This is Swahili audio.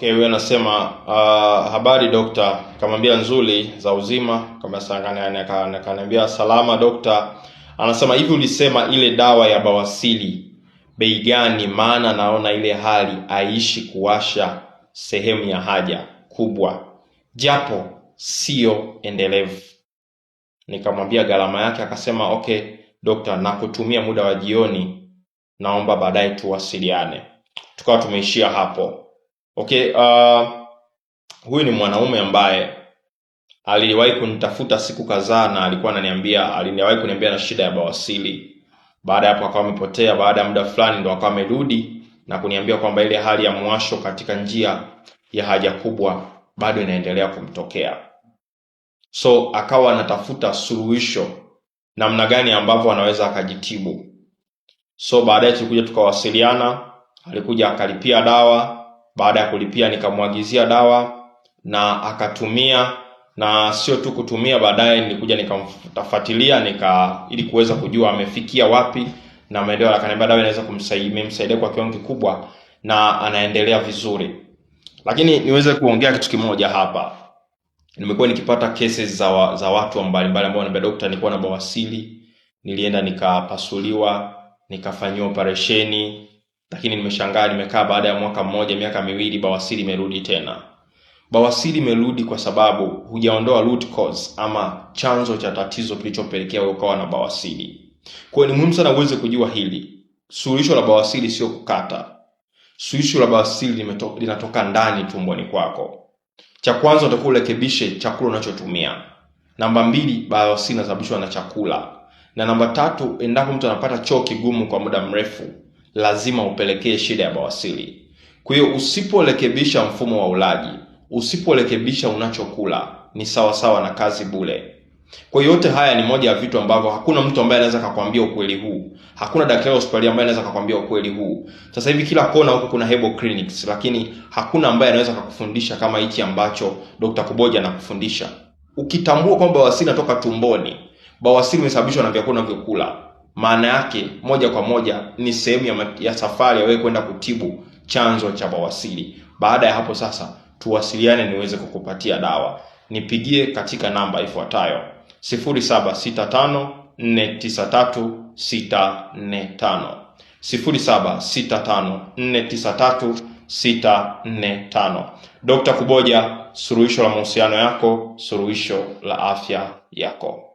Okay, huyo anasema uh, habari dokta, kamwambia nzuri za uzima, kaniambia salama dokta. Anasema hivi, ulisema ile dawa ya bawasili bei gani? Maana naona ile hali aishi kuwasha sehemu ya haja kubwa, japo siyo endelevu. Nikamwambia gharama yake, akasema okay dokta, nakutumia muda wa jioni, naomba baadaye tuwasiliane. Tukawa tumeishia hapo. Okay, uh, huyu ni mwanaume ambaye aliwahi kunitafuta siku kadhaa na alikuwa ananiambia, aliniwahi kuniambia na shida ya bawasili Baada ya hapo akawa amepotea, baada ya muda fulani ndo akawa amerudi na kuniambia kwamba ile hali ya mwasho katika njia ya haja kubwa bado inaendelea kumtokea. So akawa anatafuta suluhisho namna gani ambavyo anaweza akajitibu. So baadaye tulikuja tukawasiliana, alikuja akalipia dawa baada ya kulipia nikamwagizia dawa na akatumia, na sio tu kutumia, baadaye nilikuja nikamtafuatilia nika ili kuweza kujua amefikia wapi na maendeleo, akaniambia dawa inaweza kumsaidia kwa kiwango kikubwa na anaendelea vizuri. Lakini niweze kuongea kitu kimoja hapa. Nimekuwa nikipata cases za, wa, za watu mbalimbali ambao wanambia dokta, nilikuwa na bawasili, nilienda nikapasuliwa, nikafanyiwa operesheni lakini nimeshangaa, nimekaa baada ya mwaka mmoja, miaka miwili, bawasiri imerudi tena. Bawasiri imerudi kwa sababu hujaondoa root cause ama chanzo cha tatizo kilichopelekea ukawa na bawasiri. Kwa ni muhimu sana uweze kujua hili, suluhisho la bawasiri sio kukata. Suluhisho la bawasiri linatoka ndani tumboni kwako. Cha kwanza utakuwa urekebishe chakula unachotumia. Namba mbili, bawasiri inasababishwa na chakula, na namba tatu, endapo mtu anapata choo kigumu kwa muda mrefu lazima upelekee shida ya bawasiri. Kwa hiyo usiporekebisha mfumo wa ulaji, usiporekebisha unachokula, ni sawa sawa na kazi bure. Kwa yote haya ni moja ya vitu ambavyo hakuna mtu ambaye anaweza kukwambia ukweli huu. Hakuna daktari hospitali ambaye anaweza kukwambia ukweli huu. Sasa hivi kila kona huku kuna herbal clinics, lakini hakuna ambaye anaweza kukufundisha kama hichi ambacho Dr. Kuboja anakufundisha. Ukitambua kwamba bawasiri inatoka tumboni, bawasiri imesababishwa na vyakula unavyokula maana yake moja kwa moja ni sehemu ya, ya safari ya wewe kwenda kutibu chanzo cha bawasiri. Baada ya hapo sasa, tuwasiliane niweze kukupatia dawa. Nipigie katika namba ifuatayo 0765493645, 0765493645. Dr. Kuboja, suluhisho la mahusiano yako, suluhisho la afya yako.